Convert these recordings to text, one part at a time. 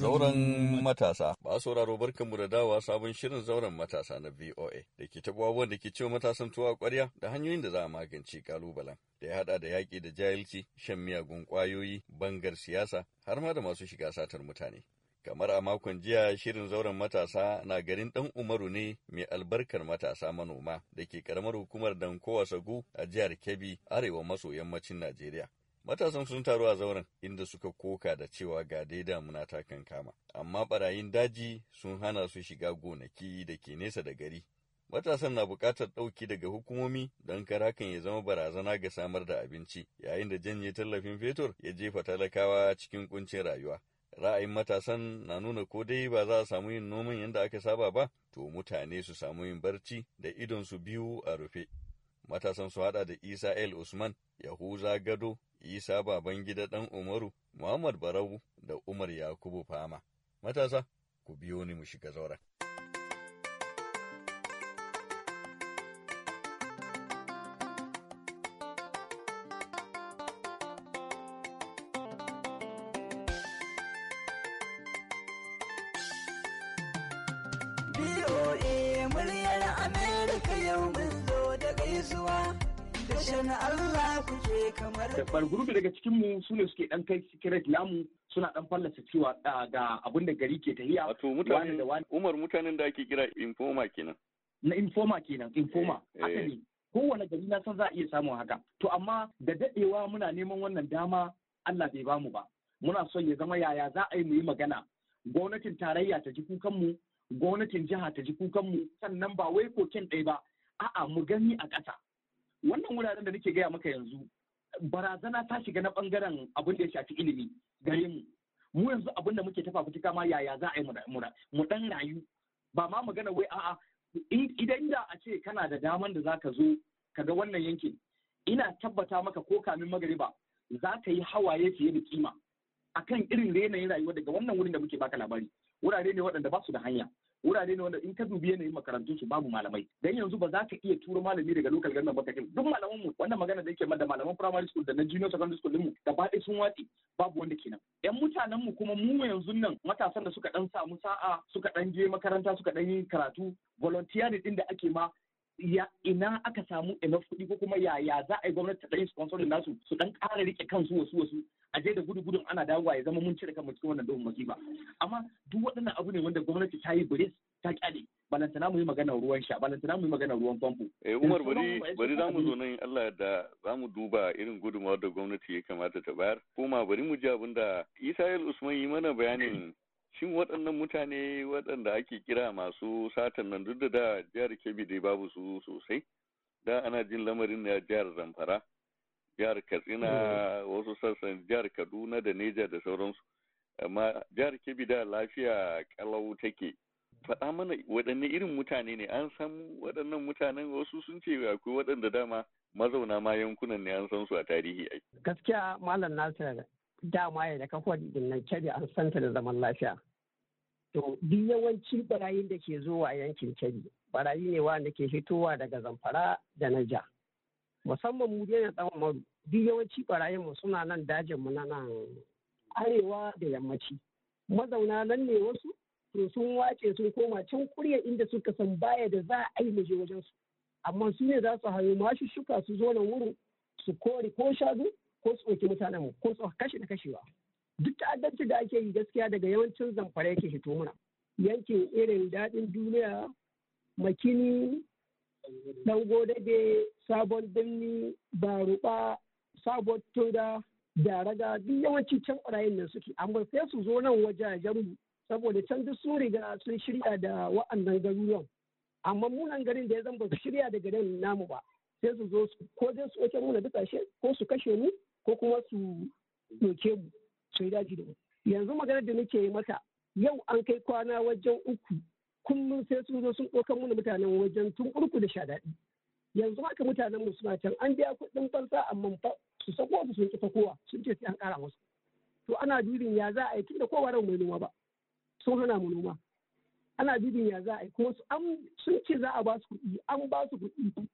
Zauren matasa. Ba sauraro barkanmu da dawa sabon shirin zauren matasa na VOA da ke taɓa abubuwan da ke cewa matasan tuwa ƙwarya da hanyoyin da za a magance ƙalubalen. Da ya haɗa da yaki da jahilci, shan miyagun ƙwayoyi, bangar siyasa, har ma da masu shiga satar mutane. Kamar a makon jiya shirin zauren matasa na garin Dan Umaru ne mai albarkar matasa manoma da ke karamar hukumar Dankowa Sagu a jihar Kebbi, arewa maso yammacin Najeriya. Matasan sun taru a zauren inda suka koka da cewa ga dai damuna ta kankama, amma barayin daji sun hana su shiga gonaki da ke nesa da gari. Matasan na bukatar ɗauki daga hukumomi don kar hakan ya zama barazana ga samar da abinci, yayin da janye tallafin fetur ya jefa talakawa cikin kuncin rayuwa. Ra'ayin matasan na nuna ko dai ba za a samu yin noman yadda aka saba ba, to mutane su samu yin barci da idon su biyu a rufe. Matasan su haɗa da Isa El Usman, Yahuza Gado, Isa baban gida ɗan Umaru, Muhammad Barau da Umar Yakubu Fama. Matasa, ku biyo ni mu shiga zauren. Biyo! yaushe na Allah kuke kamar gurbi daga cikin mu sune suke dan kai secret namu suna dan fallasa cewa ga abin da gari ke tahiya wato mutanen Umar mutanen da ake kira informa kenan na informa kenan informa eh, eh. asali kowane gari na san za a iya samun haka to amma da dadewa muna neman wannan dama Allah bai bamu ba muna son ya zama yaya za a yi mu yi magana gwamnatin tarayya ta ji kukan gwamnatin jiha ta ji kukan sannan ba wai koken ɗaya ba a'a mu gani a ƙasa wannan wuraren da nake gaya maka yanzu barazana ta shiga na bangaren abin da ya shafi ilimi gare mu mu yanzu abin da muke tafa fitika ma yaya za a yi mu dan rayu ba ma magana wai a'a idan da a ce kana da daman da zaka zo ka ga wannan yankin ina tabbata maka ko kamin magariba za ka yi hawaye fiye da kima akan irin da yanayin rayuwa daga wannan wurin da muke baka labari wurare ne waɗanda ba su da hanya wurare ne wanda in ka dubi yanayin makarantun su babu malamai dan yanzu ba za ka iya turo malami daga local government ba kakin duk malaman mu wannan magana da yake da malaman primary school da na junior secondary school din mu da ba sun watsi babu wanda kenan yan mutanen mu kuma mu yanzu nan matasan da suka dan samu sa'a suka dan je makaranta suka dan yi karatu volunteer din da ake ma ya ina aka samu enough kuɗi ko kuma yaya za a yi gwamnati ta ɗan sponsor nasu su dan ƙara rike kansu wasu wasu a je da gudu gudun ana dawowa ya zama mun cire kanmu cikin wannan dogon masifa amma duk waɗannan abu ne wanda gwamnati ta yi biris ta kyale balantana mu yi magana ruwan sha balantana mu yi magana ruwan famfo eh Umar bari bari zamu zo nan Allah da zamu duba irin gudunmawar da gwamnati ya kamata ta bayar kuma bari mu ji abin da Isa'il Usman yi mana bayanin shin waɗannan mutane waɗanda ake kira masu satan nan duk da da jihar Kebbi dai babu su sosai da ana jin lamarin da jihar Zamfara jihar katsina eh. wasu sassan jihar kaduna da neja da sauransu amma jihar kebbi da lafiya kalau take faɗa mana waɗanne irin mutane ne an san waɗannan mutanen wasu sun ce akwai waɗanda dama mazauna ma yankunan ne an san su a tarihi ai gaskiya malam nasir dama ya da kafuwar dinnan kebbi an santa da zaman lafiya to duk yawanci barayin da ke zuwa yankin kebbi barayi ne wanda ke fitowa daga zamfara da naija musamman mu yana na tsawon maru duk yawanci barayin mu suna nan dajin mu na nan arewa da yammaci mazauna nan ne wasu to sun wace sun koma can kurya inda suka san baya da za a yi muje wajen su amma su ne za su hayo mashi shuka su zo nan wurin su kori ko shadu ko su ɗauki mutanen mu ko su kashe da kashewa duk ta'addanci da ake yi gaskiya daga yawancin zamfara yake hito muna yankin irin daɗin duniya makini Dangodage, Sabon Birni, Baruɓa, Sabon Tura, da raga duk yawanci can ɓarayin nan suke amma sai su zo nan wajajen mu saboda can duk sun riga sun shirya da wa'annan garuruwan amma munan garin da ya zama ba su shirya da garin namu ba sai su zo ko dai su ɗauke mu na shi, ko su kashe mu ko kuma su doke mu su yi daji da mu yanzu maganar da nake yi maka yau an kai kwana wajen uku kullum sai sun zo sun ɗaukar mana mutanen wajen tun urku da sha daɗi yanzu haka mutanen mu suna can an biya kuɗin fansa amma fa su sako su sun kita kowa sun ce sai an ƙara musu to ana dubin ya za a yi tunda kowa ran mai noma ba sun hana mu noma ana dubin ya za a yi kuma sun ce za a ba su kuɗi an ba su kuɗi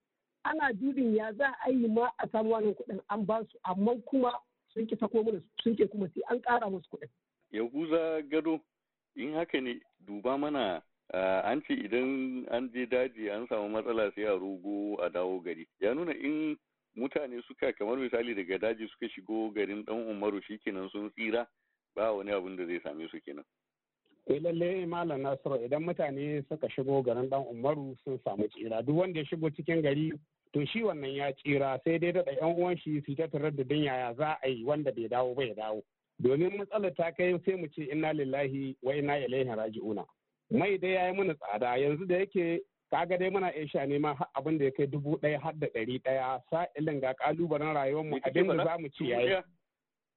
ana dubin ya za a yi ma a samu wannan kuɗin an ba su amma kuma sun ki sako mana sun ce kuma sai an ƙara musu kuɗin. Yahuza gado in haka ne duba mana Eh, an ce idan an je daji an samu matsala sai a rogo a dawo gari ya nuna in mutane suka kamar misali daga daji suka shigo garin dan umaru shikenan sun tsira ba wani abin da zai same su kenan sai eh, lalle malam nasiru idan mutane suka shigo garin dan umaru sun samu tsira duk wanda ya shigo cikin gari to shi wannan ya tsira sai dai daɗa yan uwan shi su ta tarar da yaya za a yi wanda bai dawo bai dawo domin matsalar ta kai sai mu ce inna lillahi wa inna ilaihi raji'una mai dai ya yi mana tsada yanzu da yake kaga dai muna isha ne ma abin da ya kai dubu ɗaya har da ɗari ɗaya sa'ilin ga ƙalubalen rayuwar mu abin da za mu ci yayi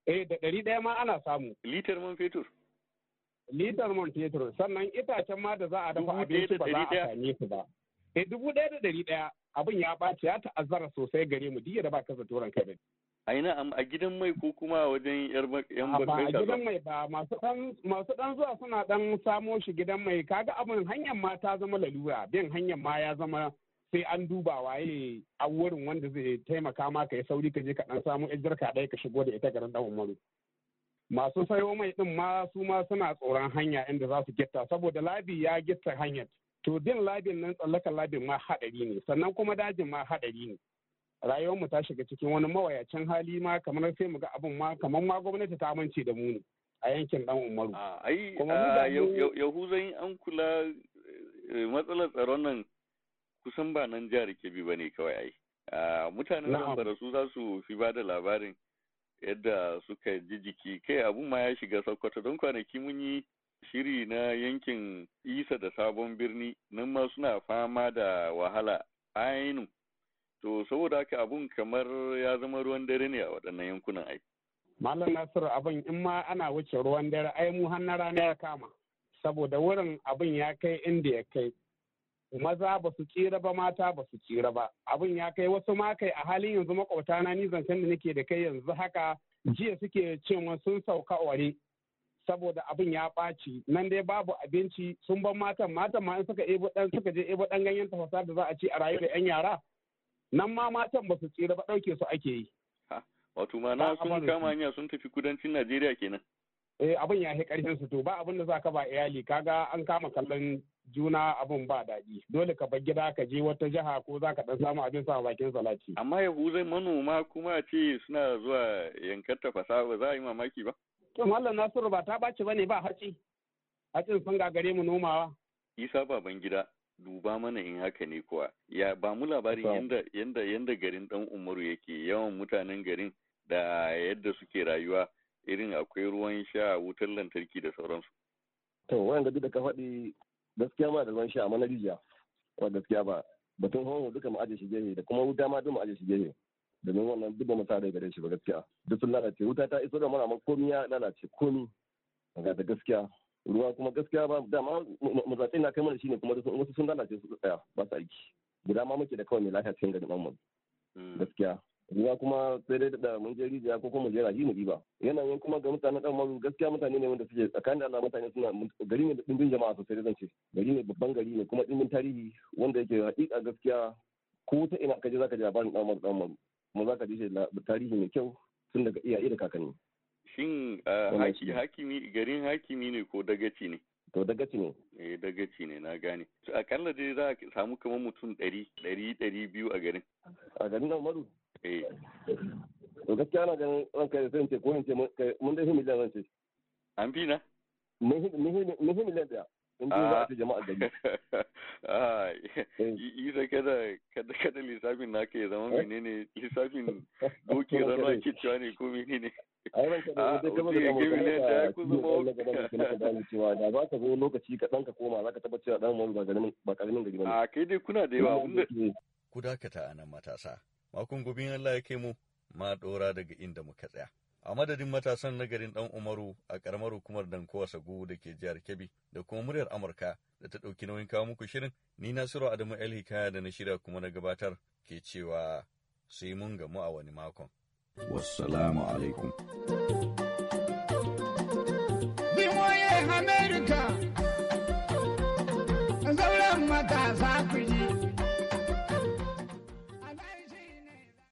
eh da ɗari ɗaya ma ana samu litar man fetur litar man fetur sannan itacen ma da za a dafa abinci ba za a sami su ba eh dubu ɗaya da ɗari ɗaya abin ya ɓaci ya ta'azzara sosai gare mu diya da ba kasa turan kai a ina a gidan mai ko kuma wajen yan ba a gidan mai ba masu dan zuwa suna dan samo shi gidan mai kaga abin hanyar ma ta zama lalura bin hanyar ma ya zama sai an duba waye a wurin wanda zai taimaka ma yi sauri ka je ka dan samu ijjar ka dai ka shigo da ita garin dan maro masu sayo mai din ma su ma suna tsoron hanya inda za su gitta saboda labi ya gitta hanyar to din labin nan tsallakan labin ma haɗari ne sannan kuma dajin ma haɗari ne rayuwarmu ta shiga cikin wani mawayacin hali ma kamar sai mu ga abin ma kamar ma gwamnati ta amince da mu ne a yankin dan umaru. ai yahuzan an kula eh, matsalar tsaron nan kusan ba nan jihar kebbi ba ne kawai ai mutanen nan bara su za su fi ba da labarin yadda suka ji jiki kai abun ma ya shiga sokoto don kwanaki mun yi shiri na yankin isa da sabon birni nan ma suna fama da wahala ainihin to saboda haka abun kamar ya zama ruwan dare ne a waɗannan yankunan ai malam nasir abin in ma ana wuce ruwan dare ai mu rana ya kama saboda wurin abin ya kai inda ya kai maza ba su tsira ba mata ba su tsira ba Abun ya kai wasu ma kai a halin yanzu makwabta na ni zancen da nake da kai yanzu haka jiya suke cewa sun sauka ware saboda abin ya ɓaci nan dai babu abinci sun ban matan matan ma in suka je ebo ganyen tafasa da za a ci a rayu da yan yara nan ma matan ba su tsira ba ɗauke su ake yi. Wato ma na sun kama hanya sun tafi kudancin Najeriya kenan. Eh abin ya ƙarfin su to ba abin da za ka ba iyali kaga an kama kallon juna abin ba daɗi dole ka bar gida ka je wata jiha ko za ka ɗan samu abin sa bakin salati. Amma yahuzai manoma kuma ce suna zuwa yankar tafasa ba za a yi mamaki ba. To Mallam Nasiru ba ta baci ba ne ba haci. Hacin sun gagare mu nomawa. Isa baban gida duba mana in haka ne kuwa ya ba mu labarin yanda yanda garin dan umaru yake yawan mutanen garin da yadda suke rayuwa irin akwai ruwan sha wutar lantarki da sauransu to wayan da ka faɗi gaskiya ma da ruwan sha mana rijiya ba gaskiya ba batun hawan duka mu aje shi gehe da kuma wuta ma duk mu aje shi gehe domin wannan duk ba mu sa gare shi ba gaskiya duk sun lalace wuta ta iso da mana amma komi ya lalace komi ga da gaskiya ruwa kuma gaskiya ba dama zata na kai mana shine kuma wasu sun lalace su tsaya ba su aiki guda ma muke da kawai mai lafiya cikin garin amma gaskiya ruwa kuma sai dai da mun je rijiya ko kuma mu je raji mu diba yanayin kuma ga mutanen dan mu gaskiya mutane ne wanda suke tsakanin Allah mutane suna gari ne da dimbin jama'a sosai da zance gari ne babban gari ne kuma dimbin tarihi wanda yake hakika gaskiya ko ta ina kaje zaka ji labarin dan maru dan maru kuma zaka ji tarihi mai kyau tun daga iyaye da kakanni Shin ah, hakimi garin hakimi ne ko dagaci ne? To dagaci ne. Eh dagaci ne na gane. To akalla dai za a samu kamar mutum ɗari ɗari ɗari biyu a garin. A garin nan maru? Eh. To gaskiya na ganin ranka da zance ko in ce mun dai miliyan ranci. An fi na? Mun miliyan ɗaya. in dai za a ta ah. jama'a gari ah, eh. isa kada kada kada lissafin naka ya zama eh? menene lissafin doki rana ke ne ko menene a wuce ya ne da ya kuzu ba da za ka zo lokaci kaɗan ka koma za ka tabbatar da ɗan ba ƙaramin gari ba a ah, kai dai kuna da yawa abinda ku dakata a nan matasa makon gobe Allah ya kai mu ma ɗora daga inda muka tsaya a madadin matasan na garin Dan Umaru a karamar hukumar Dankowa Sagu da ke jihar Kebbi da kuma muryar Amurka da ta ɗauki nauyin kawo muku shirin ni Nasiru Adamu El Hikaya da na shirya kuma na gabatar ke cewa sai mun gamu a wani makon. Wassalamu alaikum. America, zauren matasa ku